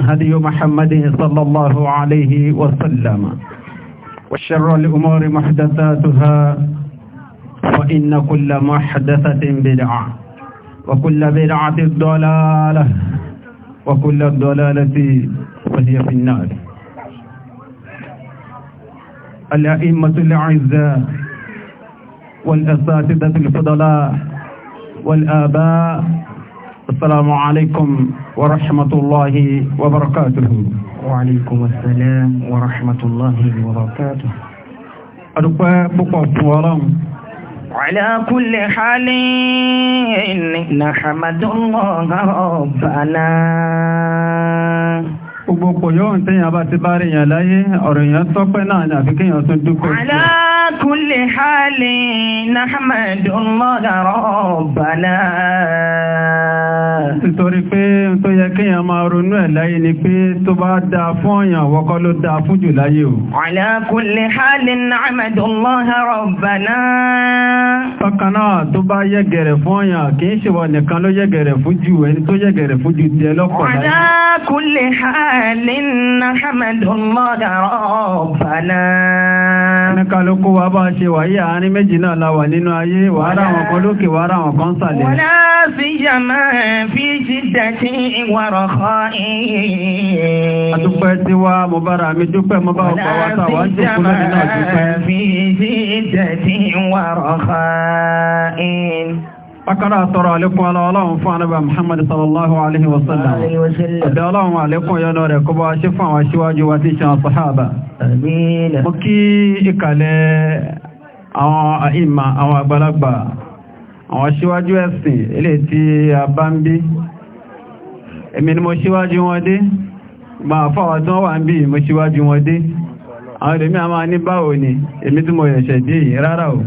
هدي محمد صلى الله عليه وسلم وشر الأمور محدثاتها فإن كل محدثة بدعة وكل بدعة ضلالة وكل الضلالة فهي في النار الأئمة الأعزاء والأساتذة الفضلاء والآباء السلام عليكم ورحمة الله وبركاته وعليكم السلام ورحمة الله وبركاته أدوكوا بقوا فوالام على كل حال نحمد الله ربنا gbogbo pọ̀ yóò ń tẹ́yàn bá ti bá rí èèyàn láyé ọ̀rọ̀ èèyàn tọ́pẹ́ náà ni àfi kéèyàn tún dúpẹ́ ala kulli halin nahmadullaha rabbana nítorí pé tó yẹ kéèyàn máa ronú ẹ̀ láyé ala kulli halin nahmadullaha rabbana tọ́kan náà tó bá yẹ̀gẹ̀rẹ̀ fún ọ̀yàn kì í ala kulli halin حال نحمد الله ربنا kálukú wa bá ṣe wà yíya ní méjì náà la wà nínú ayé wà ara wọn kan lókè wà ara wọn kan sàlẹ̀. wọ́n á fi yàmá fi ṣídà sí ìwàrọ̀ kọ́ ìyẹn. adúpẹ́ tí wá mo bára mi dúpẹ́ mo bá ọgbà wa ta wá jẹ́ kúrò nínú àdúpẹ́. wọ́n á fi yàmá fi ṣídà kọ́ ìyẹn akara tọrọ alekun ọlọ́run fún anábà muhammadu sallallahu alaihi wasallam ọ̀dọ̀ ọlọ́run alekun yọ́nà rẹ̀ kó bá ṣe fún àwọn aṣíwájú wa tí ṣan sahaba mú kí ìkàlẹ̀ àwọn àìmà àwọn àgbàlagbà àwọn aṣíwájú ẹ̀sìn ilé tí a bá ń èmi ni mo ṣíwájú wọn dé ma fáwà tí wọ́n wà ń bí mo ṣíwájú wọn dé àwọn èmi a máa ni èmi tí mo yẹ̀ṣẹ̀ dé rárá o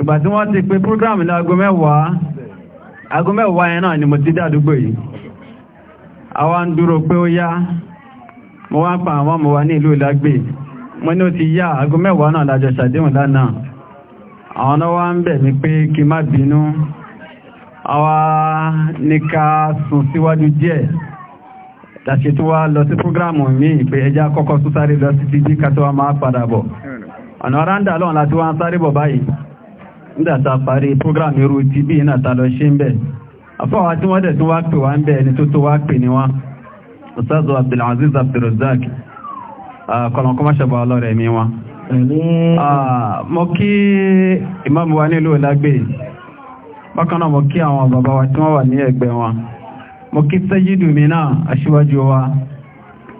ìgbà tí wọ́n ti pe program ní aago mẹ́wàá aago ni mo ti dádúgbò yìí àwa ń dúró pé ó yá mo wá ń pa àwọn ọmọ wa ní ìlú mo ní ó ti yá aago mẹ́wàá náà lájọ ṣàdéhùn lánàá àwọn náà wá ń bẹ̀ mí pé kí má bínú àwa ní ká sùn síwájú díẹ̀ tó wá lọ ti ká tó wá máa padà bọ̀ ọ̀nà lọ́n láti wá nígbàtà parí program irú ti bí ìnàtà lọ ṣe ń bẹ̀ afọ́wà tí wọ́n dẹ̀ tún wá pè wá ń bẹ̀ ẹni tó tó wá pè ní wá ọ̀sáàzọ̀ Abdulaziz Abdulrazak kọlọ̀kọ́mọ́ṣẹ́bà ọlọ́rẹ̀ mi wá mọ́ kí ìmáàmù wa nílò lágbè bákanáà mọ́ kí àwọn bàbá wa tí wọ́n wà ní ẹgbẹ́ wọn mọ́ kí sẹ́yìdù mi náà aṣíwájú wa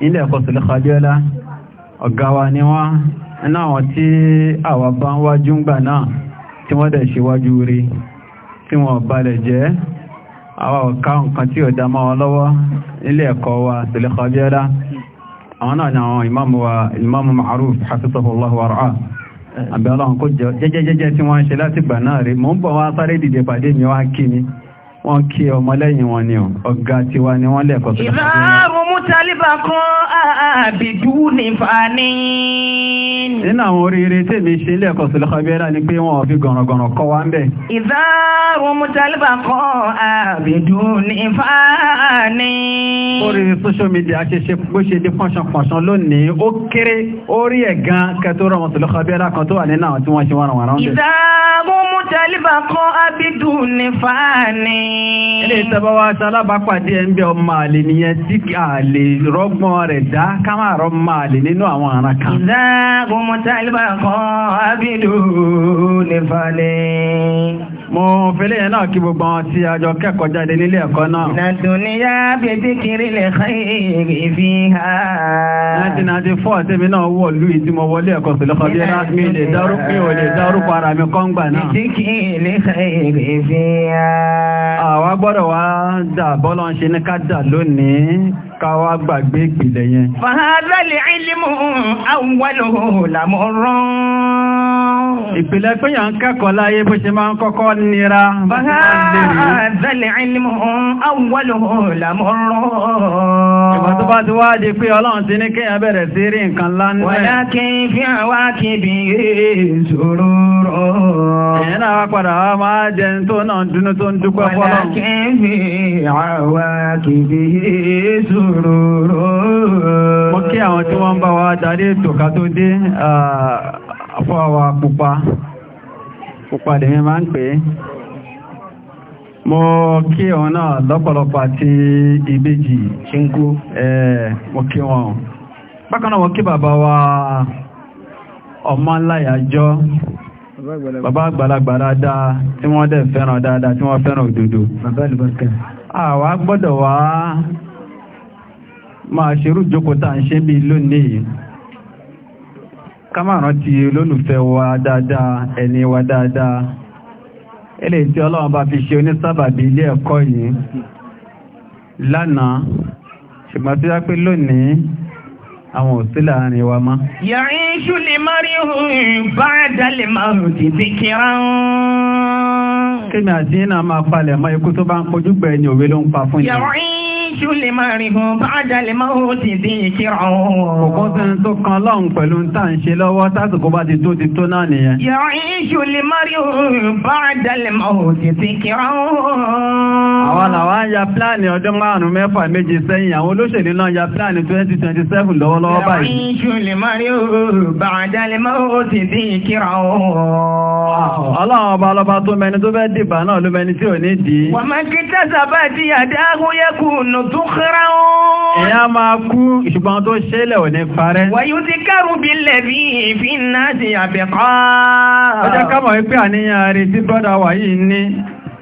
ilẹ̀ ẹ̀kọ́ sílẹ̀ tí wọ́n dẹ̀ ṣíwájú rí tí wọ́n balẹ̀ jẹ́ àwọn ọ̀ká nǹkan tí ó dámá wọn lọ́wọ́ ilé ẹ̀kọ́ wa sílẹ̀ àwọn náà ni àwọn ìmáàmù wa ìmáàmù Ma'ruf hafizahullah ni wọ́n ni nínú àwọn oríire tí mi ṣe ilé ẹ̀kọ́ sílẹ̀kọ́ bí ni pé wọ́n fi gọ̀rọ̀gọ̀rọ̀ kọ́ wa ń bẹ̀. ìzáàrùn mú tẹ́lifà kọ́ àbìdún ní fáà ní. orí social media ṣe ṣe bó ṣe di pọ́nṣanpọ̀nṣan lónìí ó kéré orí ẹ̀ gan kẹtó rọmọ tó lọ́kọ̀ bí ẹlá kan tó wà nínú àwọn tí wọ́n ṣe wọ́n wọ́n ìdààmú mú tẹ́líbà kan ábídù ní fàání. ilé ìtọ́bọ̀ wa ṣe ẹ̀ ń bẹ ọmọ àlè nìyẹn tí àlè rọ́gbọ́n rẹ̀ dá ká máa rọ́ máa lè nínú àwọn ará kan. ìdààmú mú tẹ́líbà kan ábídù ní fàání mo fẹ́lẹ̀ yẹn náà kí gbogbo àwọn tí a jọ kẹ́kọ̀ọ́ jáde nílé ẹ̀kọ́ náà. ìdàdùn àlìyá bèbí kiri lè xeyìrì fi ha. 1994 tẹ́mi náà wọ̀ lú ìdí mo wọlé ẹ̀kọ́ sílẹ̀ kọ́ bí ẹ mi lè dárú mi ò lè dárú para mi kọ́ ń gbà náà. Bèbí kiri lè xeyìrì fi ha. Àwa gbọ́dọ̀ wá dà bọ́lọ́ ṣe ní ká dà lónìí káwà gbàgbé ìpìlẹ̀ yẹn. fàhádàlì ìlímù àwọlòhò làmọ́rán. ìpìlẹ̀ pé yàn kẹ́kọ̀ọ́ láyé bó ṣe máa ń kọ́kọ́ nira. fàhádàlì ìlímù àwọlòhò làmọ́rán. ìgbà tó bá ti wá di pé ọlọ́run ti ní kéèyàn bẹ̀rẹ̀ sí rí nǹkan ńlá nílẹ̀. wọ́n yá kí n fi àwa kíbi ìṣòro rọ̀. ìyẹn náà ròrò. Mo kí àwọn tí wọ́n ń bá wa darí ètò ká tó dé àfọ́ àwà pupa. Pupa lè mi máa ń pè é. Mo kí òun náà lọ́pọ̀lọpọ̀ àti ìbejì ṣínkú. Mo kí wọn. Bákan náà mo kí bàbá wa ọmọ ńláyàjọ́ bàbá àgbàlagbà dáadáa tí wọ́n dẹ̀ fẹ́ràn dáadáa tí wọ́n fẹ́ràn òdodo. Bàbá àlùbọ́kẹ́. Àwa gbọ́dọ̀ wá máa ṣerú jókòó tàà ń ṣe bí lónìí ká máa rántí olólùfẹ́ wa dáadáa ẹni wa dáadáa ẹlẹ́ tí ọlọ́run bá fi ṣe onísábàbí ilé ẹ̀kọ́ yìí lánàá ṣùgbọ́n tí wá pé lónìí àwọn òsí láàrin wa má. kí ni àti iná máa palẹ̀ mọ́ ikú tó bá ń pojú gbẹ̀ẹ́ ni òwe ló ń pa fún yàrin ìṣú lè máa rìn hàn bá jálẹ̀ máa ó ti dín ìkírà ọ̀hún. Kòkó tí ń tó kan lọ́hùn pẹ̀lú ń tà ń ṣe lọ́wọ́ tásìkò bá ti tó ti tó náà nìyẹn. Yà ìṣú lè máa rìn hàn bá jálẹ̀ máa ó ti dín ìkírà ọ̀hún. Àwọn làwọn ń ya pílánì ọdún márùn-ún mẹ́fà méje sẹ́yìn, àwọn olóṣèlú náà ya 2027 lọ́wọ́lọ́wọ́ báyìí. Yà ìṣú lè máa rìn hàn bá jálẹ̀ máa ó ti dín ìkírà ọ̀hún. Ọlọ́run ọba ọlọ́ba tó mẹni tó fẹ́ dìbà náà ló mẹni tí ò ní dìí. Wàmọ́ kí tẹ́sà bá ti àdáhùn yẹ́kùn nù dúkúrá ó. Èyàn máa kú ṣùgbọ́n tó ṣẹlẹ̀ ò ní parẹ́. Wàyú ti kẹ́rù bí lẹ̀bí ìfínà ti àbẹ̀kọ́. Ọjọ́ ká wípé àníyàn rẹ̀ tí bọ́dà wà yìí ní.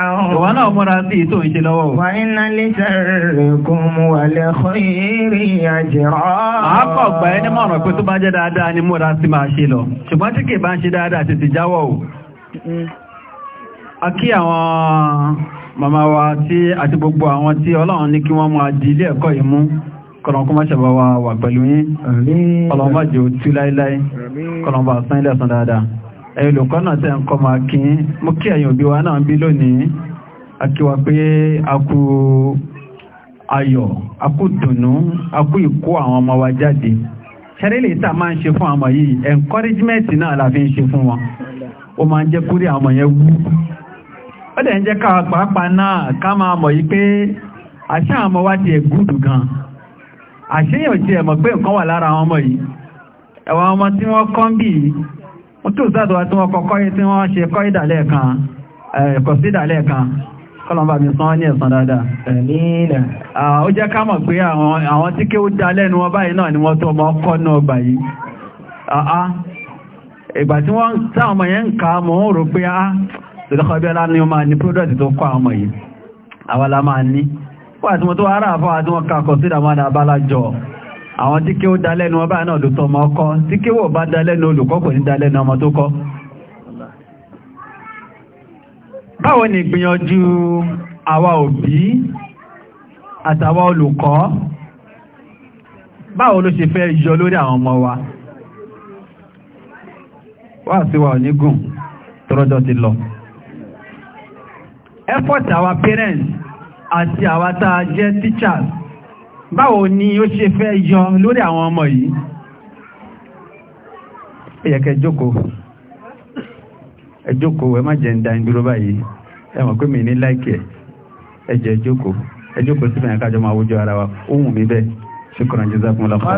àrùn. Ìwọ náà múra sí ìtò ìṣe lọ́wọ́. Wà iná lè ṣẹ̀rẹ̀ kún wà lè kọ́ ìrì àjẹrọ. Àápọ̀ gbà ẹ́ ní mọ̀ràn pé tó bá jẹ́ dáadáa ni múra sí máa A kí àwọn màmá wa tí àti gbogbo àwọn tí Ọlọ́run ní kí wọ́n máa di wa wà pẹ̀lú yín. Ọlọ́run má jẹ́ òtú láíláí. Kọ̀lọ̀kọ́ bá ilẹ̀ sán dáadáa. ẹ̀yìn olùkọ́ náà tẹ́ ń kọ́ máa kí mú kí náà lónìí a pé a ayọ̀ a ìkó àwọn ọmọ wa jáde ṣẹlẹ̀ tá máa ń ṣe fún àwọn yìí encouragement náà la fi ń ṣe fún wọn ó máa ń jẹ́ kúrí yẹn wú ó dẹ̀ ń jẹ́ pàápàá náà ká máa mọ̀ yí pé ọmọ wa ti ẹ̀ gan ti ẹ̀ mọ̀ pé nǹkan wà lára àwọn wọ́n tó sádọ̀ àti wọn kọ̀kọ́ yìí tí wọ́n ṣe kọ́ ìdàlẹ̀ kan ẹ̀kọ̀ sí ìdàlẹ̀ kan kọlọmbà mi sán ní ẹ̀sán dáadáa ó jẹ́ ká mọ̀ pé àwọn tí kí ó dá lẹ́nu wọn báyìí náà ni wọ́n tó ọmọ ọkọ́ náà bà yìí ìgbà tí wọ́n táwọn ọmọ yẹn ń ká mọ̀ ń àwọn tí kí ó dá lẹ́nu ọba náà ló tọ́ ọmọ ọkọ́ tí kí wò bá dá lẹ́nu olùkọ́ kò ní dá lẹ́nu ọmọ tó kọ́ báwo ni ìgbìyànjú àwa òbí àtàwa olùkọ́ báwo ló ṣe fẹ́ yọ lórí àwọn ọmọ wa wà sí wa onígùn tọ́rọjọ́ ti lọ effort àwa parents àti àwa tá jẹ́ teachers báwo ni ó ṣe fẹ́ yọ lórí àwọn ọmọ yìí ó yẹ kẹ́ ẹ má jẹ́ ń ìdúró báyìí ẹ pé mi ní láìkẹ̀ ẹ jẹ́ jókòó sí fẹ̀yìn kájọ máa wójú ara wa ohun mi bẹ́ẹ̀ ṣùkọ̀rọ̀ jẹ́ zákun lọ́kọ̀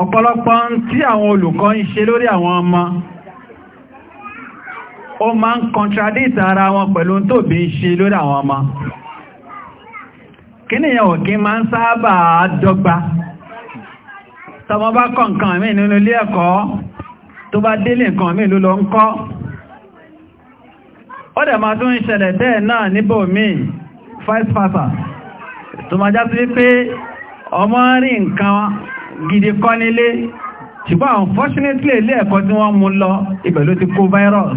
ọ̀pọ̀lọpọ̀ tí àwọn olùkọ́ ń ṣe lórí àwọn ọmọ ó máa ń contradict ara wọn pẹ̀lú tó bí ń ṣe lórí àwọn ọmọ kí nìyàn òkín máa ń sáábà dọ́gba tọmọ bá kọ́ nǹkan mí nínú ilé ẹ̀kọ́ tó bá délé nǹkan mí ló lọ ń kọ́ ó dẹ̀ máa tún ń ṣẹlẹ̀ bẹ́ẹ̀ náà níbò míì vice tó máa já sí pé ọmọ rí nǹkan gidi kọ́ nílé ṣùgbọ́n unfortunately ilé ẹ̀kọ́ tí wọ́n mú lọ ibẹ̀ ló ti kó virus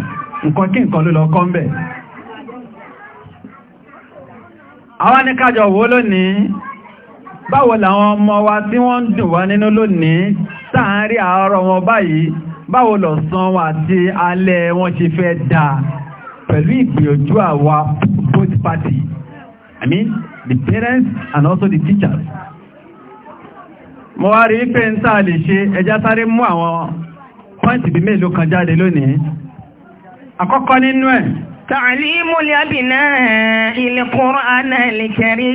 nǹkan kí nǹkan ló lọ kọ́ ń bẹ̀ àwọn ní kájọ wó lónìí báwo làwọn ọmọ wa tí wọ́n dùn wá nínú lónìí sáàárín àárọ̀ wọn báyìí báwo lọ̀sán wọn àti alẹ́ wọn ṣe fẹ́ dáa pẹ̀lú ìgbìyànjú àwa both party I mean the parents and also the teachers mo wá rí pé ń tàà lè ṣe ẹjá sáré mú àwọn pọ́ìntì bí mélòó kan jáde lónìí àkọ́kọ́ nínú ẹ̀ ta'limul abina il Qur'an al-karim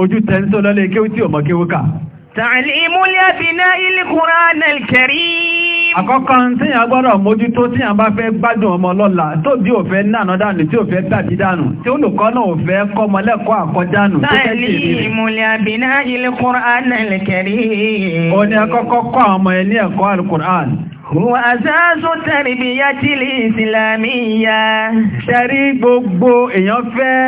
ojú tẹ́ńsó lọ́lẹ́ kéwú tí ò mọ̀ kéwú kà. Tàìlímú lẹ́bìnà ìlúkùránà kẹrí. Àkọ́kọ́ tí a gbọ́dọ̀ mójútó tí a bá fẹ́ gbádùn ọmọ lọ́la tó bí ò fẹ́ náà dánù tí ò fẹ́ tàbí dánù tí olùkọ́ náà ò fẹ́ kọmọ lẹ́kọ́ àkọdánù tó fẹ́ sí ìrírí. Tàìlímú Ó ní akọ́kọ́ kọ́ àwọn ọmọ ẹni ẹ̀kọ́ gbogbo èèyàn fẹ́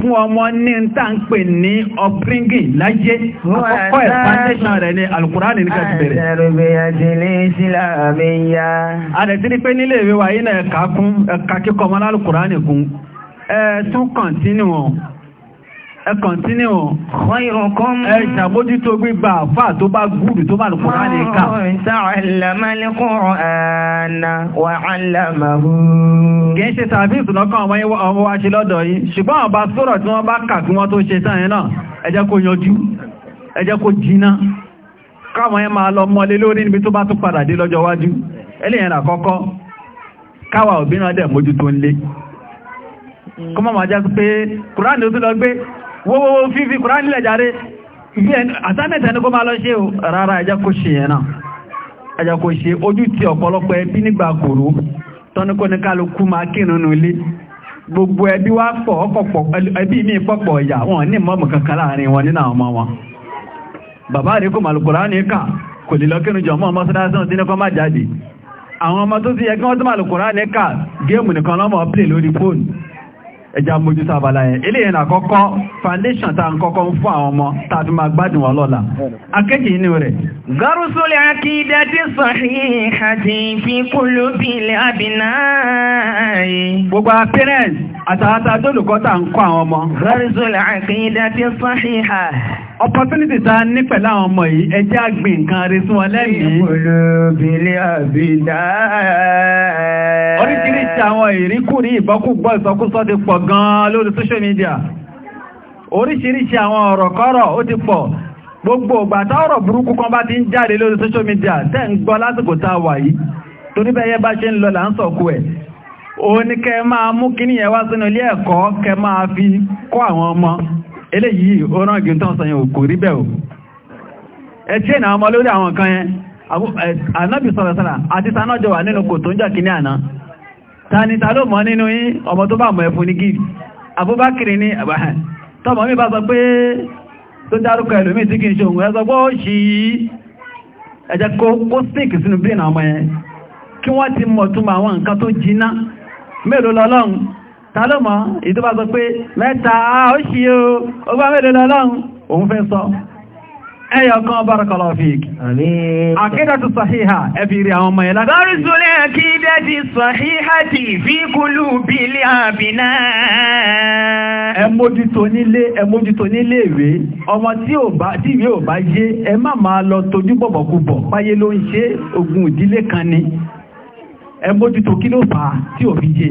fún ọmọ ní ń tà ń pè ní ọ̀píríngì láyé àkọ́kọ́ ẹ̀ foundation rẹ̀ ní alukurani nìkan ti bẹ̀rẹ̀. àdẹ̀tí ni pé nílé ìwé wa yìí náà ẹ̀ka kíkọ́ ọmọ alukurani kún ẹ̀ tún kàn sínú wọn ẹ kọ̀ntínú ọ̀rọ̀kún ẹ ṣàbójútó gbígbà àfà tó bá gúrù tó bá lùkù rá ní ká kìí ṣe tàbí ìsìnlọ́kàn ọmọ wa ṣe lọ́dọ̀ yìí ṣùgbọ́n àwọn bá tí wọ́n bá kà kí wọ́n tó ṣe sáyẹn náà ẹ jẹ́ yanjú ẹ jẹ́ jiná káwọn ẹ máa lọ mọ́lé lórí níbi tó bá tún padà dé lọ́jọ́ wájú ẹlẹ́yìn àkọ́kọ́ káwà òbí náà dẹ̀ mójútó ń lé kọ́mọ̀ máa jẹ́ pé kùránì ó tún lọ gbé wọ́wọ́wọ́ fífí kùránì lẹ̀ jàre àtàmẹ́ta ní kó máa lọ ṣe rárá ẹjá kó ṣe yẹn náà ẹjá kó ṣe ojú ti ọ̀pọ̀lọpọ̀ ẹbí nígbà kòrò tọ́nikọ́ ní kálukú máa kírùnú ilé gbogbo ẹbí wá pọ̀ ọkọ̀pọ̀ ẹbí mi pọ̀pọ̀ ìyà wọn ní mọ́mù kankan láàrin wọn nínú àwọn ọmọ wọn bàbá rí kò máa lùkùránì kà kò lè lọ́kínú jọ mọ́ mọ́sánásán play lórí ẹja mójú sábàlá yẹn ilé foundation ta n kọ́kọ́ fún àwọn ọmọ tàbí ma gbádùn wọn lọ́la akéjì inú rẹ̀ gọ́rùsùlẹ̀ akídàtí sọ̀híhàtí gbogbo appearance àtàwátà tó lùkọ́ ta ń àwọn ọmọ gọ́rùsùlẹ̀ opportunity ta ní pẹ̀lú àwọn ọmọ yìí ẹ jẹ́ á gbin nǹkan rẹ̀ sí wọn lẹ́mìí. olóbìnrin àbídá. oríṣiríṣi àwọn ìríkùrí ìbọ́kúgbọ́ ìsọkúsọ ti pọ̀ gan-an lórí social media oríṣiríṣi àwọn ọ̀rọ̀ kọ́rọ̀ ó ti pọ̀ gbogbo ìgbà tá ọ̀rọ̀ burúkú kan bá ti ń jáde lórí social media tẹ́ ń gbọ́ lásìkò tá a wà yìí torí bẹ́yẹ bá ṣe ń lọ là ń sọ̀kú ẹ̀ o ní kẹ máa mú kíníyẹn wá sínú ilé ẹ̀kọ́ kẹ máa fi kọ́ àwọn ọmọ eléyìí ó rán gí tán sọ yẹn kò rí bẹ́ẹ̀ o ẹ tí ènìyàn ọmọ lórí àwọn kan yẹn ànábì sọ̀rọ̀sọ̀rọ̀ àti sanájọ́ wà nínú kò tó ń jà kìíní àná ta ni ta ló mọ̀ nínú yín ọmọ tó bá mọ̀ ẹ̀fún ní gíìdì Abubakiri ní tọmọ mi bá sọ pé tó dárúkọ ẹlòmí tí kì í ṣe òun ṣì í ẹjẹ kó kó síkì sínú bí àwọn ọmọ yẹn kí wọ́n ti mọ̀ túnmọ̀ àwọn nǹkan tó jiná mélòó lọ́lọ́run tàlọ́mọ́ ìdúbà sọ pé mẹ́ta ó ṣí o ó bá mẹ́lẹ̀ lọ́lọ́run òun fẹ́ sọ ẹyọ kan bárakọ̀lọ̀ fi àkídà tó sàhíhà ẹbí rí àwọn ọmọ ìlànà ọ̀rìsùlẹ̀ àkídà ti sàhíhà ti fi kúlù bí ilé àbìnà ẹmójútó nílé ẹmójútó nílé ìwé ọmọ tí ìwé ò bá yé ẹ má máa lọ tójú bọ̀bọ̀kúbọ̀ páyé ló ń ṣe ogun ìdílé kan ni ẹmójútó kí ló fà á tí ò fi yé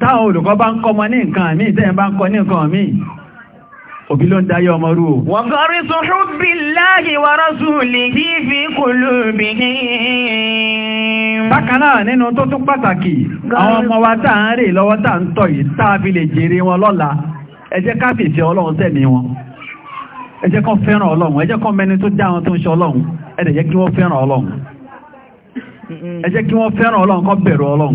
táwọn olùkọ́ bá ń kọ́ ọmọ ní nǹkan míì tẹ́yìn bá ń kọ́ ní nǹkan míì òbí ló ń dayé ọmọ rú o. wọ̀gọ́rí tó ṣúbí láàyè wọ́rọ́ súnlẹ̀ kí fẹ́ràn ọlọ́run ẹ jẹ́ mẹni tó dá tó ń ṣe ọlọ́run ẹ dẹ̀ kí wọ́n fẹ́ràn ọlọ́run ẹ kí wọ́n fẹ́ràn ọlọ́run kán bẹ̀rù ọlọ́run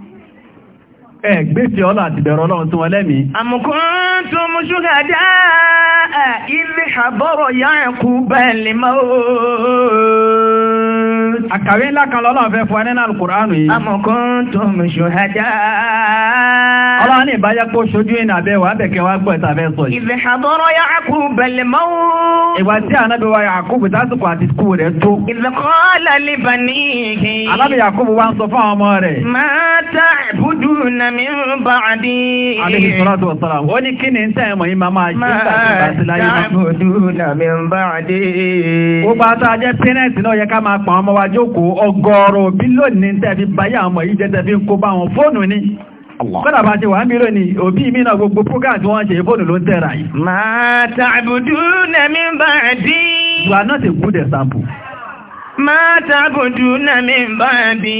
ẹgbẹ́sẹ̀ ọlọ́ àti bẹ̀rọ ọlọ́run tí wọ́n lẹ́mí. àmùkún tó mú ilé àbọ̀rọ̀ yá bẹ́ẹ̀ lè máa ooo Àkàwé ńlá kan lọ́lọ́ fẹ́ fún ẹni náà Kùránù yìí. Amọ̀kún tó mú ṣùhádá. Ọlọ́run ní ìbájá pé ó ṣojú ìnà abẹ́ wà bẹ̀kẹ́ wá gbọ́ ìta sọ yìí. Ìfẹ́ àbọ̀rọ̀ Yàkú bẹ̀lẹ̀ kú rẹ̀ tó. Mata budu na mi ba adi. Àbíbi Mata budu na mi ba adi. Gbogbo wa jókòó ọgọ́rọ̀ bí lónìí tẹ́bí báyé àwọn yìí jẹ́ tẹ́bí ń kó bá wọn fóònù ní kọ́nà ti wà ń bí lónìí òbí mi náà gbogbo program tí wọ́n ṣe fóònù ló ń tẹ́ra yìí. máa tàbùdú nẹ́mí bá You are not a good example. Máa tàbùdù náà mi bá bí.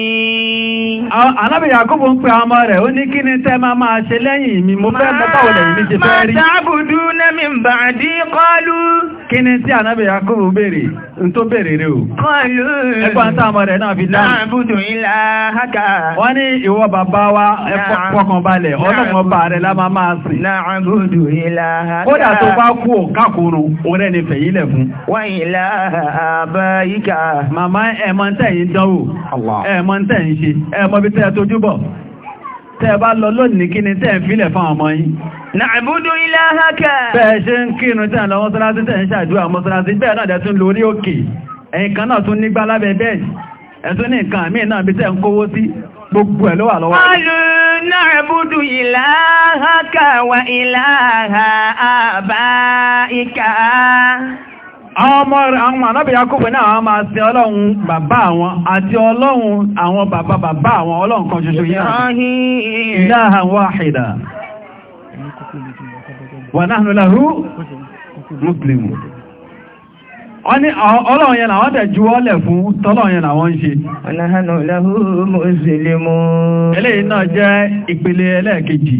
Ànábì Yàkúbù ń pe ọmọ rẹ̀, ó ní kí ni tẹ́ máa máa ṣe lẹ́yìn mi, mo fẹ́ mi ṣe fẹ́ rí. kọlu. Kí ni tí Ànábì Yàkúbù béèrè, ń tó o? Kọlu. Ẹgbọ́n ọmọ rẹ̀ náà fi ilá haka. Wọ́n ní ìwọ bàbá wa balẹ̀, rẹ̀ lá máa máa sìn. ilá haka. Kódà màmá ẹ̀mọ́ tẹ́yìn dánwò ẹ̀mọ́ tẹ́yìn ṣe ẹ̀mọ́ bí tẹ́ tójúbọ̀ tẹ́ bá lọ lónìí kí ni tẹ́ fílẹ̀ fún ọmọ yìí Nàìbúdú ilá hákà. Bẹ́ẹ̀ ṣe ń kírun tẹ́ lọ mọ́sánásí tẹ́ ń ṣàdúrà mọ́sánásí bẹ́ẹ̀ náà dẹ̀ lórí òkè. Ẹ̀yìn kan wà lọ́wọ́. Ọlù àwọn ọmọ a ànábì Yakubu náà àwọn máa sin ọlọ́run bàbá àwọn àti ọlọ́run àwọn bàbá bàbá àwọn ọlọ́run kan ṣoṣo yẹn ilahan wahida wa wọ́n tẹ̀ ju ọlẹ̀ fún tọ́lọ́run yẹn ṣe.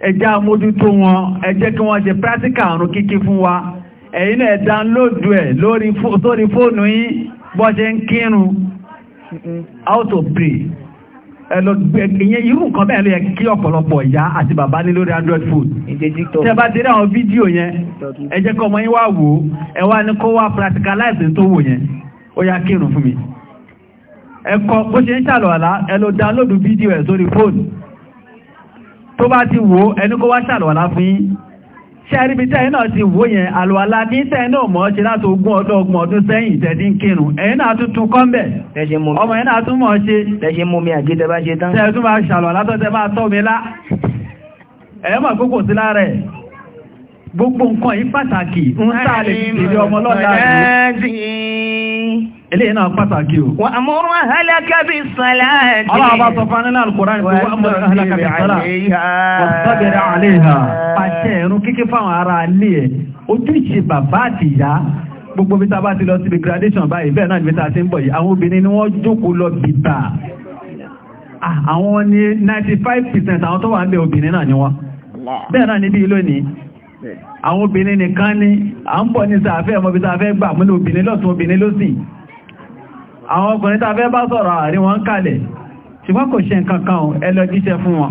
ẹjá mójútó wọn ẹjẹ́ kí wọ́n ṣe pírásíkà àrùn kíkí fún wa ẹ̀yin náà dánlóòdù ẹ̀ lórí fóònù yín bọ́ ṣe ń kírun out of pray ẹ̀yẹ irú nǹkan bẹ́ẹ̀ ló yẹ kí ọ̀pọ̀lọpọ̀ ìyá àti bàbá ní lórí android phone tẹ́ bá ti rí àwọn fídíò yẹn ẹ jẹ́ kọ́ ọmọ yín wá wò ẹ wá ní kó wá practicalize tó wò yẹn ó yá kírun fún mi ẹ̀kọ́ bó ṣe ń ṣàlọ̀ àlá ẹ lo download fídíò ẹ̀ sórí fóònù tó bá ti wò ẹni kó wá ṣàlùwàlá fún yín ṣẹ́ríbi tẹ́yìn náà ti wò yẹn àlùwàlá ní tẹ́yìn náà mọ́ ṣe láti ogún ọdún ọdún sẹ́yìn ìtẹ́dín kírun ẹ̀yìn náà tún tún kọ́m̀bẹ̀ ọmọ ẹ̀yìn náà tún tún eléyìí náà pàtàkì o. wà á múrú ahalaka bí sàláàtì. ọlọ́run bá sọ fún anínà alukoran ìwé wà á múrú ahalaka bí sàláàtì. ọ̀sọ́bẹ̀rẹ̀ àléhà. pàṣẹ ẹ̀rún kíkí fáwọn ará alẹ́ ẹ̀ ojúṣe gbogbo bí tá ti lọ síbi gradation báyìí bẹ́ẹ̀ náà níbi tá ń bọ̀ yìí àwọn obìnrin ni wọ́n jókòó lọ bìbà àwọn ni 95% àwọn tó wà ń bẹ obìnrin náà ni wọ́n bẹ́ẹ̀ náà níbi ìlú ní àwọn obìnrin nìkan ni à ń bọ̀ ní sàáfẹ́ ọmọbìnrin sàáfẹ́ gbà múlò àwọn ọkùnrin tàbẹ́ bá sọ̀rọ̀ àrí wọn kalẹ̀ ṣùgbọ́n kò ṣe nǹkan kan ẹ lọ jíṣẹ́ fún wọn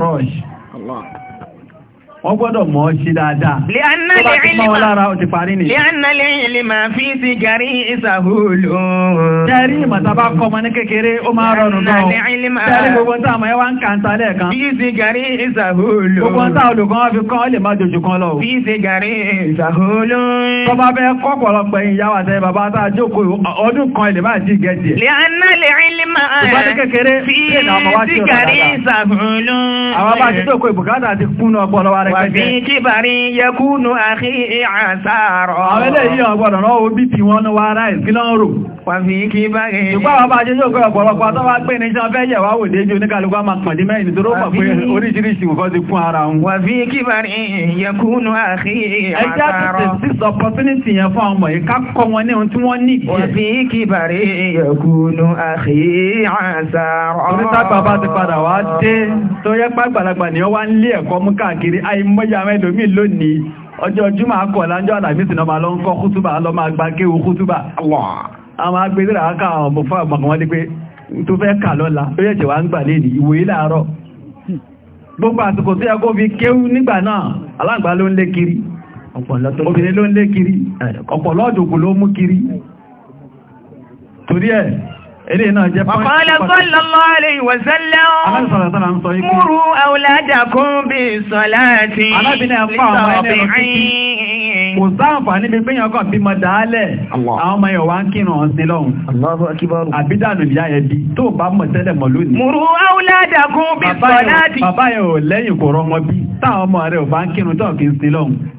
faraj. Allah wọ́n gbọ́dọ̀ mọ̀ ọ́ ṣe dáadáa. lẹ́ànà fi sí gàrí ìsàhùlù. jẹ́rí ìmọ̀tàbá kọ́mọ ní kékeré ó máa rọrùn náà. lẹ́ànà lè ń tà ìsàhùlù. gbogbo ń tà olùkọ́ fi kán lè má jòjò kan lọ. fi sí gàrí ìsàhùlù. tọ́ba bẹ kọ́pọ̀lọpọ̀ ìyá wa tẹ bàbá tá a jókòó ọdún kan ilé máa ti gẹ̀ tiẹ̀. lẹ́ànà fi sí gàrí ìsàhùlù. àwọn bá a ti jókòó ìbùkátà ti kún náà ọpọlọ wa wàbí kíbàrí yẹkúnù àkí àṣàrọ̀. àwọn eléyìí ọgbọ̀dọ̀ náà ó bí tí wọ́n ní wá ráì kí lọ́n rò. wàbí kíbàrí. ìpáwọ̀ bá jẹ́ sókè ọ̀pọ̀lọpọ̀ àtọ́wà pé ní iṣẹ́ fẹ́ yẹ̀wá wò déjú oníkàlùkù àmà pàdé mẹ́rin nítorí pọ̀ pé oríṣiríṣi nǹkan ti fún ara wọn. wàbí kíbàrí yẹkúnù àkí àṣàrọ̀. ẹjẹ́ àti six opportunity yẹn fún àwọn ọmọ yìí ká kọ́ wọn ní ohun tí wọ́n ní. wàbí kíbàrí yẹkúnù àkí àṣàrọ̀. orí àìmọ́yà àwọn lónìí ọjọ́ jùmọ̀ akọ̀lá ọjọ́ àlàmísì náà ma lọ ń kọ́ kútúbà lọ máa gba kéwú kútúbà àwọn agbẹ́sẹ̀rẹ̀ àkà ọmọ fún àmọ̀kànwọ́n dé pé tó fẹ́ kà lọ́la tó yẹ̀ tẹ̀wà ń gbà gbogbo àsìkò tó yẹ kó fi nígbà náà alágbà ló ń lé kiri obìnrin ló ń kiri Èdè náà jẹ́ pọ́ńtì. Ọ̀kọ́lá sallallahu alaihi wa sallam. Alábìsọ̀rọ̀sọ̀rọ̀ ń sọ ikú. Múrù auladakum bí salati. Alábìnrin àpá ọmọ ẹni ọ̀rọ̀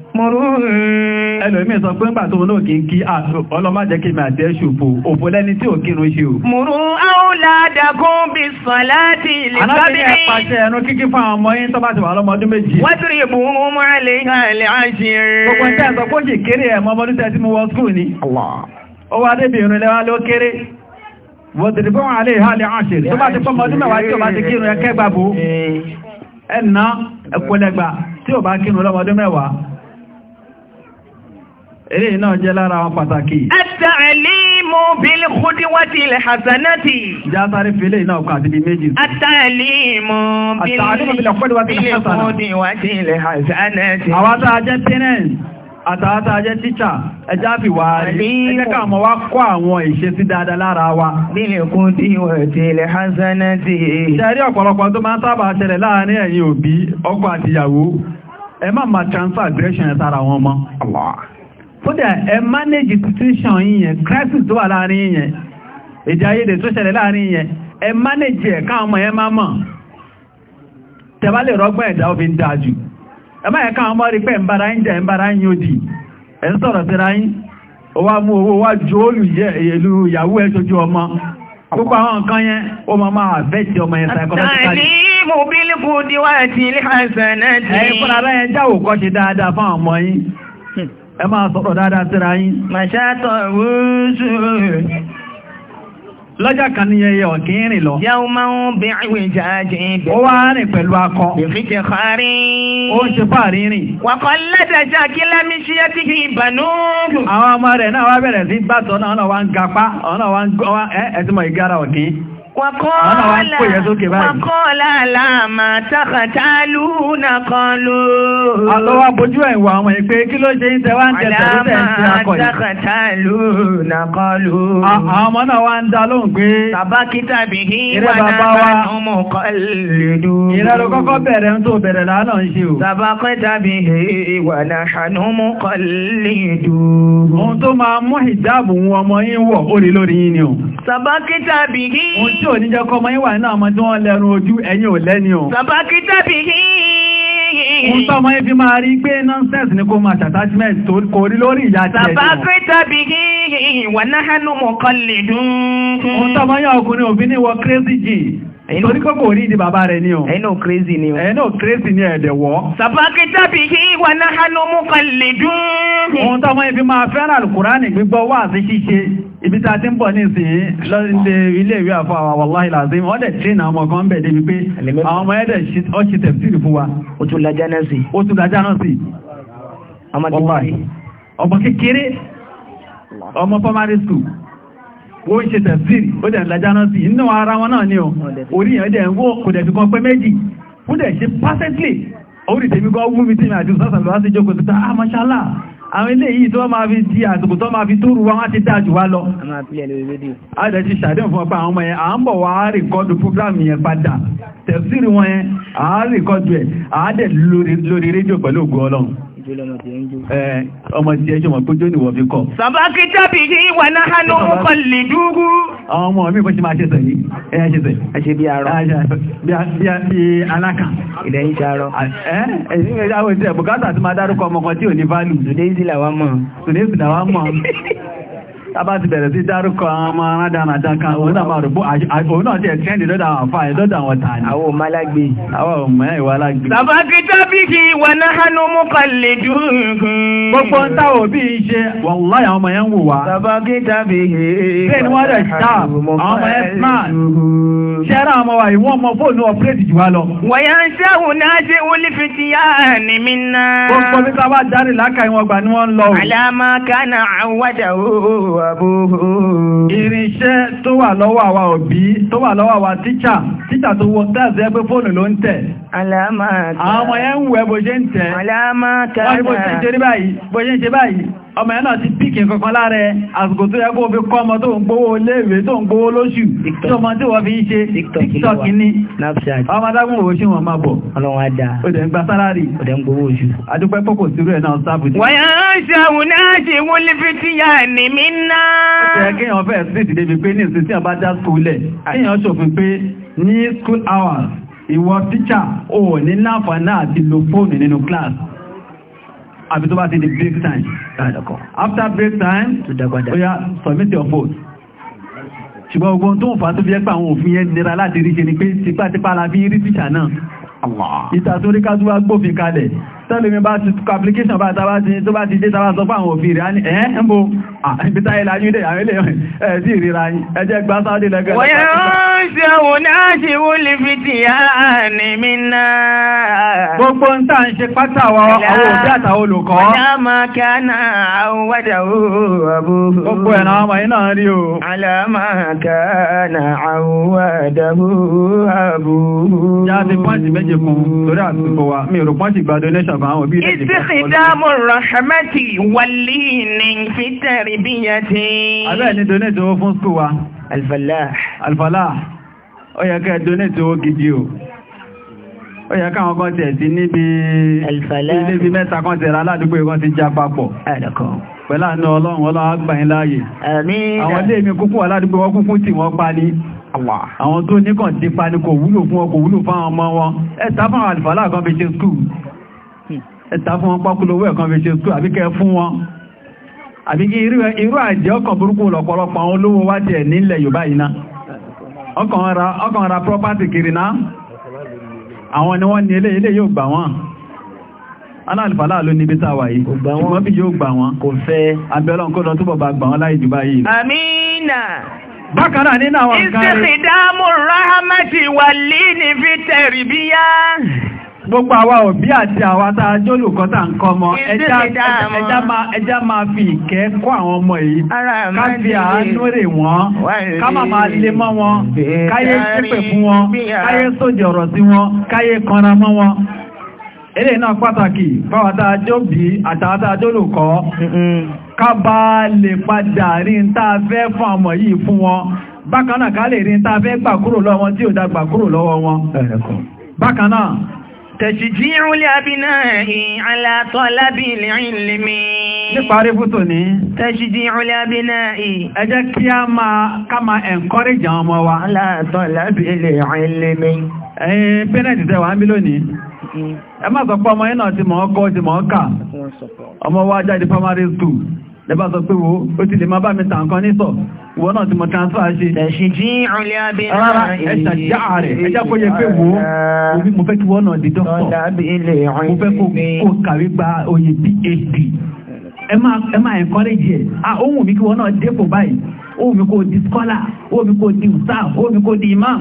títí mọ́rún ẹlòmí sọ pé ń bà tó wọn náà kí n kí ọlọ́májẹ́ kí mẹ́ àtẹ́ ṣòfò òfò lẹ́ni tí ò kírun ṣe o. mọ́rún áúládàkún bí sọ̀láti lè kábí ní. alábìyẹ pàṣẹ ẹnu kíkí fún àwọn ọmọ yín tó bá ti wà lọ́mọdún méjì. wọ́n ti rí ìbò ohun mọ́ra lè hàn lè hàn ṣe rẹ̀. gbogbo ń tẹ́ sọ pé ó sì kéré ẹ̀ mọ́mọdún tẹ́ tí mo wọ skul ni. ó wá débìnrin lẹ́wà ló kéré wọ̀dìrìbọ́n alẹ́ ìhàlẹ̀ àṣírí tó bá ti pọ́ mọ́dún mẹ́wàá tí ó bá ti kírun ẹkẹ́gbàbó eh. ẹ̀nà ẹ̀kọ́lẹ́gbà tí ó bá kírun lọ́mọdún mẹ́wàá Eré náà jẹ́ lára àwọn pàtàkì. Àtàlímù bil khudwati al hasanati. Ìjá sáré fèlé iná ọkọ̀ àti ibi méjì. Àtàlímù bil khudwati al hasanati. Àwọn tá a jẹ́ parents àtàtà jẹ́ tíṣà ẹjá fi wà rí ẹjẹ́ ká wá kọ́ àwọn ìṣe sí dáadáa lára wa nílẹ̀ kún tí wọ́n ti ilẹ̀ hansanati ṣẹ́rí ọ̀pọ̀lọpọ̀ tó máa sábà ṣẹlẹ̀ láàrin ẹ̀yin òbí ọkọ àtìyàwó ẹ má kódà ẹ manage situation yíyẹn crisis tó wà láàrin yíyẹn èdè ayédè tó ṣẹlẹ̀ láàrin yíyẹn ẹ manage ẹ̀ káwọn ọmọ yẹn máa mọ̀ tẹ́bá lè rọgbọ́n ẹ̀dá obìn dáa jù ẹ máa káwọn ọmọ rí pé ń bára mbara jẹ́ ń bára ń yóò dì ẹ̀ ń sọ̀rọ̀ síra yín ó ilé àìsàn ṣe dáadáa ọmọ ẹ máa sọ̀rọ̀ dáadáa síra yín màṣátọ̀ rúúsù lọ́jà kan ní ẹyẹ ọ̀kínrin lọ yàwó máa ń bí ìwé jáde ìbẹ̀ ó wá rìn pẹ̀lú akọ ìfíjẹ kárí ó ń ṣe fàárí rìn wàkọ́ lẹ́tẹ̀ẹ́jà kí lámí sí ẹ́ tí kì bànú àwọn ọmọ rẹ̀ náà wá bẹ̀rẹ̀ sí bàtọ̀ náà wá ń gapá ọ̀nà wá ń gọ́ ẹ́ ẹ̀tìmọ̀ ìgára ọ̀kín Wàkọ́ọ́lá àlàmà tàkàtàlúnà kan ló. Àlọ́wà bojú ẹ̀wà àwọn ìpé kí ló ṣe ń tẹwà ń tẹ̀tẹ̀ ló tẹ̀ sí akọ̀ yìí. Àlàmà tàkàtàlúnà kan ló. Àwọn ọmọ náà wá ń dá lóhùn pé. Bàbá kí tàbí kí wà náà bá ọmọ kan lè dùn. Ìrẹ́lú kọ́kọ́ bẹ̀rẹ̀ ń tó bẹ̀rẹ̀ lánàá ń ṣe o. Bàbá kí tàbí kí wà náà ṣànúmọ́ kan lè dùn. Ohun tó máa mú ìjáàbù wọn ọmọ yín wọ̀ ó lè lórí yín ni o. Bàbá kí tàbí kí ṣe ò ní jẹ́ kọmọ yíwà nínú àwọn tí wọ́n lẹ́nu ojú ẹ̀yin ò lẹ́ni o. bàbá nonsense ni kó máa ṣàtàjìmẹ́ǹt tó kò rí lórí ìyá tẹ̀ ní. bàbá kí tàbí yìí wà náà hánú crazy jeans ẹ̀yin náà kọ́kọ́ rí ìdí bàbá rẹ̀ ni o. ẹ̀yin náà crazy ni o. ẹ̀yin náà crazy ni ẹ̀dẹ̀ wọ́. tàbí kí wà náà hánú mú kan lè dún. ohun tó ibi máa fẹ́ràn alukurani gbígbọ́ wá sí ṣíṣe ibi tá ti ń bọ̀ ní ìsìn lọ́dẹ ilé ìwé àfọ àwọn wàláhì làzim ọ̀dẹ̀ train àwọn ọmọ kan bẹ̀ débi pé àwọn ọmọ ẹ̀dẹ̀ ọ̀ṣì tẹ̀síìrì fún wa. o tún ọmọ kékeré ọmọ primary school ó ń ṣe tẹ̀sírì ó dẹ̀ si sí inú ara wọn náà ni ọ̀ orí yẹn dẹ̀ ń wó kò dẹ̀ fi kan pé méjì ó dẹ̀ ṣe perfectly orí tèmi kọ́ wú mi tí mi àti sọ́sàn lọ́wọ́ sí jókòó sí ta ah, mọ́ṣálà àwọn ilé yìí tó fi di àsìkò tó fi tó ruwa wọ́n ti dá jù wá lọ fún ọpá ọmọ à ń bọ̀ ọmọ ti ẹjọ́ mọ̀ pé jó ní wọ́n fi kọ́. sàbákí tábì ní ìwà náà hánú kọ́ lè dúró. àwọn ọmọ mi bó ṣe máa ṣe sẹ̀ yìí ẹ ṣe sẹ̀. ẹ ṣe bí arọ. bí alákà. ilẹ̀ ń ṣe arọ. ẹ ẹ ṣe àwọn ìṣẹ̀ bùkátà ti máa dárúkọ ọmọ kan tí ò ní fálù. tòdé ìsìlà wa mọ̀. tòdé ìsìlà wa mọ̀ tàbá ti bẹ̀rẹ̀ sí dárúkọ àwọn ọmọ arádànàdán kan òun náà rògbó òun náà ti ẹ̀ tẹ́ndì lọ́dọ̀ àwọn àfáà lọ́dọ̀ àwọn tààní àwọn ọmọ àwọn ọmọ ìwà alágbé tàbá ti tábìkì wà náà ní mú kalẹ̀ dùn gbogbo ń tá ń wù wá tàbá wọ́n rẹ̀ ọmọ ẹ̀ ń ṣẹ́hùn náà ṣe ó lè abúhù. Irinṣẹ́ tó wà lọ́wọ́ àwa òbí, tó wà lọ́wọ́ àwa tíṣà, tíṣà tó wọ tẹ́ẹ̀sì ẹgbẹ́ fóònù ló ń tẹ̀. ọmọ yẹn náà. ti píkì kankan lára àsìkò tó yẹ kó fi kọ́ ọmọ tó ń gbówó léèwé tó ń gbówó lóṣù, tí ọmọ tí wọ́n fi ń ṣe TikTok ní. Ọmọ adágún òwò ṣé máa bọ̀. Ọlọ́run ń gba sálárì. Ó ń gbówó oṣù. Adúpẹ́ pọ́kò sírú náà sáàbù ńlá. Ọ̀sẹ̀ kí fẹ́ sí ìdílé mi pé ní ìsìn tí ọba já skúlẹ̀, èèyàn ṣòfin pé ní school hours, ìwọ tíṣà ò ní láǹfààní àti lo fóònù nínú class. Àbí tó bá ti di break time. After break time, ó yá submit your vote. Ṣùgbọ́n ogun tó ń fà tó fi ẹ́pà àwọn òfin yẹn nira láti rí ṣe ni pé tipátipá la fi rí tíṣà náà. Ìtàsóríkájú wá gbófin kalẹ̀ tẹ́lùmí bá ti tukọ̀ application bá tàbá ti tó bá ti dé tàbá sọ fáwọn òfin rẹ̀ ẹ́ ń bó àìbítá ilá yúdé àwọn ilé ẹ̀ẹ́sì ìrìnra ẹjẹ́ gbá sáwọ́dé lẹ́gbẹ̀ẹ́ wọ́n yẹ́ ń ṣe òun náà ṣe wó lè fi ti yá ní mi náà gbogbo ń tàà ń ṣe pátá àwọn òbí àtàwọn olùkọ́ aláàmà kánà àwọn wádà òwò gbogbo ẹ̀nà ọmọ iná bàbá àwọn òbí rẹ̀ nìkan. ìtìsí dáàmú rahmati wàlí ní fitari bíyàtì. abẹ́ẹ̀ ni donate owó fún skul wa. alfalah. alfalah ó yẹ ká donate owó gidi o ó yẹ káwọn kan tẹ̀ sí níbi ilé bí mẹ́ta kan tẹ̀rẹ aládùúgbò kan ti já papọ̀ pẹ̀lú àánú ọlọ́run ọlọ́run agbàyìn láàyè àwọn ilé mi ní àwọn ti pa ní kò wúlò fún wọn kò wúlò fáwọn ọmọ wọn ẹ̀ta fáwọn àlùfàlà kan fi ṣe skúù ẹta fún wọn owó ẹ̀kan fi ṣe skúl àbíkẹ́ fún wọn àbí irú àjẹ́ ọkàn burúkú lọ̀pọ̀lọpọ̀ àwọn olówó wá jẹ́ nílẹ̀ Yorùbá yìí náà ọkàn ra property kiri náà àwọn ni wọ́n ní ilé ilé yóò gbà wọ́n aláàlùfàlà ló yìí ṣùgbọ́n bí nínú àwọn gbogbo àwa òbí àti àwa tá a jólù kan tá ń kọ́ ọmọ ẹjá máa fi ìkẹ́ kọ́ àwọn ọmọ yìí ká fi àánú rè wọ́n ká má máa lé mọ́ wọn káyé ṣépè fún wọn káyé sójì ọ̀rọ̀ sí wọn káyé kanra mọ́ wọn eré náà pàtàkì báwa tá a jó bí àtàwa tá a jólù kọ́ ká bá lè padà rí ń tá a fẹ́ fún ọmọ yìí fún wọn bákan náà ká lè rí ń tá a fẹ́ gbà kúrò lọ́wọ́ tí ò dá gbà kúrò lọ́wọ́ wọn bákan náà Tẹ̀ṣìjíhù lé abiná ìhìn alátọ́ lábí ìlìmí. Níparí fútò ní. Tẹ̀ṣìjíhù lé abiná ìhìn. kí a máa ká máa encourage àwọn ọmọ wa. Alátọ́ lábí ìlìmí. Ẹ̀yin pẹ́nẹ̀tì tẹ́wàá ń bí lónìí. Mm-hmm. Ẹ má sọ pé ọmọ yẹn náà ti mọ̀ ọ́kọ́ ti mọ̀ ọ́kà. Ọmọ wa jáde primary school lẹ́bá sọ pé wo ó ti lè máa bá mi tàn kan ní sọ ìwọ náà ti mọ̀ transfer ṣe ẹ̀ṣì jí ìrìnlẹ̀ abẹ́ rárá ẹ̀ṣà já rẹ̀ ẹjá kó yẹ pé wo omi mo fẹ́ kí wọ́n náà di dọ́kítọ̀ mo fẹ́ kó kàwé gba oyè phd ẹ máa encourage ẹ̀ ah ohun mi kí wọ́n náà dépò báyìí ohun mi kò di scholar ohun mi kò di ustaz ohun mi kò di imam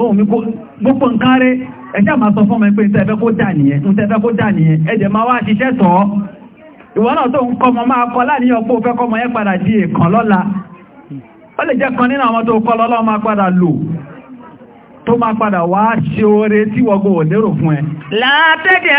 ohun mi kò gbogbo nǹkan rẹ̀ ẹjá máa sọ fún ọmọ ẹgbẹ́ ń tẹ́fẹ́ kó dà nìyẹn ń tẹ́fẹ́ kó dà nìyẹn ẹ ìwọ náà tó ń kọmọ máa kọ láàrin ọpọ̀ òfẹ́ kọmọ yẹn padà di èkàn lọ́la ó lè jẹ́ kan nínú àwọn tó kọ́ lọ́lọ́ máa padà lò tó máa padà wá ṣe oore tí wọ́gbọ̀ ò lérò fún ẹ. látẹ́dẹ̀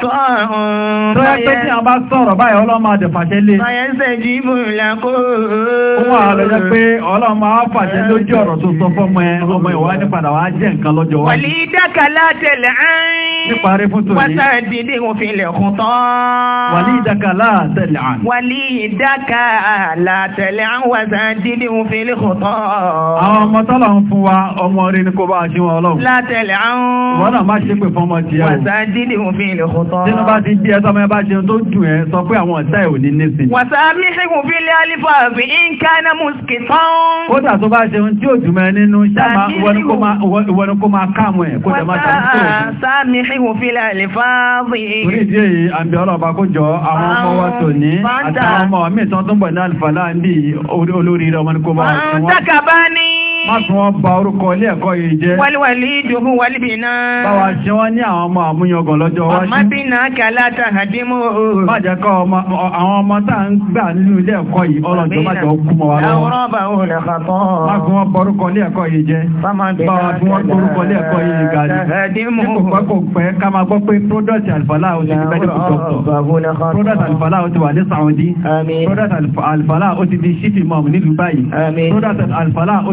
Tó yẹ pé tí a bá sọ̀rọ̀ báyìí ọlọ́mà dẹ̀ fàṣẹ lé. Fàyẹ́sẹ̀ jí mú ìlàkó. Ó wà lọ́jọ́ pé ọlọ́mà á fàṣẹ lójú ọ̀rọ̀ tó sọ fọ́mọ ẹ, ọmọ ìwà ní padà wá jẹ́ nǹkan níparí fún tòní. wọ́n sáré di ilé ìwọ̀n fi ilẹ̀kùn tán. wàlí ìdáka láàtẹ̀lẹ̀ àn. wàlí ìdáka láàtẹ̀lẹ̀ àn wà sáré di ilé ìwọ̀n fi ilẹ̀kùn tán. àwọn ọmọ tọ́lọ̀ ń fún wa ọmọ orí ni kò bá ṣe wọn ọlọ́run. látẹ̀lẹ̀ àn. wọ́n náà má ṣe pé fún ọmọ tiẹ̀ o. wà sáré di ilé ìwọ̀n tán. tí bá ti bí ẹ sọmọ ẹ bá ṣe tó dùn ẹ sọ pé àwọn ọ̀tá ẹ̀ ò ní ní sí. wàsámi ṣẹ́gun fi lé alifa àfi ìǹkaná mùsùlùmí tán. kódà tó bá ṣe ohun tí ò dùn mẹ́ nínú ṣáà ìwọ ni kó máa káàmù ẹ̀ kó dẹ̀ má ṣàmùsọ̀ ìhùn fílà lè fáàbì. Orí ìdí èyí, àbí ọlọ́ọ̀bá kó jọ àwọn ọmọ wa tò ní àtàwọn ọmọ mi tán tó ń bọ̀ ní àlìfàlà ń olórí ọmọ ní kó bá wọn. Wọ́n ń ní Máàkì wọn ba orúkọ ilé ẹ̀kọ́ yìí jẹ́. Wálíwálí ìdòhun wálíbìnà. Báwa ṣe wọ́n ní àwọn ọmọ àmúyangàn lọ́jọ́ wájú. Ọmọ bínà kàlá tàhàdímò. Má jẹ́ kọ́ àwọn ọmọ tá ń gbà nínú ilé ẹ̀kọ́ yìí ọlọ́jọ́ má kú mọ́ wa lọ́wọ́. Àwọn ba orúkọ ilé ẹ̀kọ́ yìí jẹ́. Báwa fi wọ́n torúkọ ilé ẹ̀kọ́ yìí gàdí. Tàhàdímò. Ní kò pẹ́ kò pẹ́ ká máa gbọ́ pé Product Alfala ó ti di medical Product Alfala ó ti wà Product Alfala ó ti di Shifi Product Alfala ó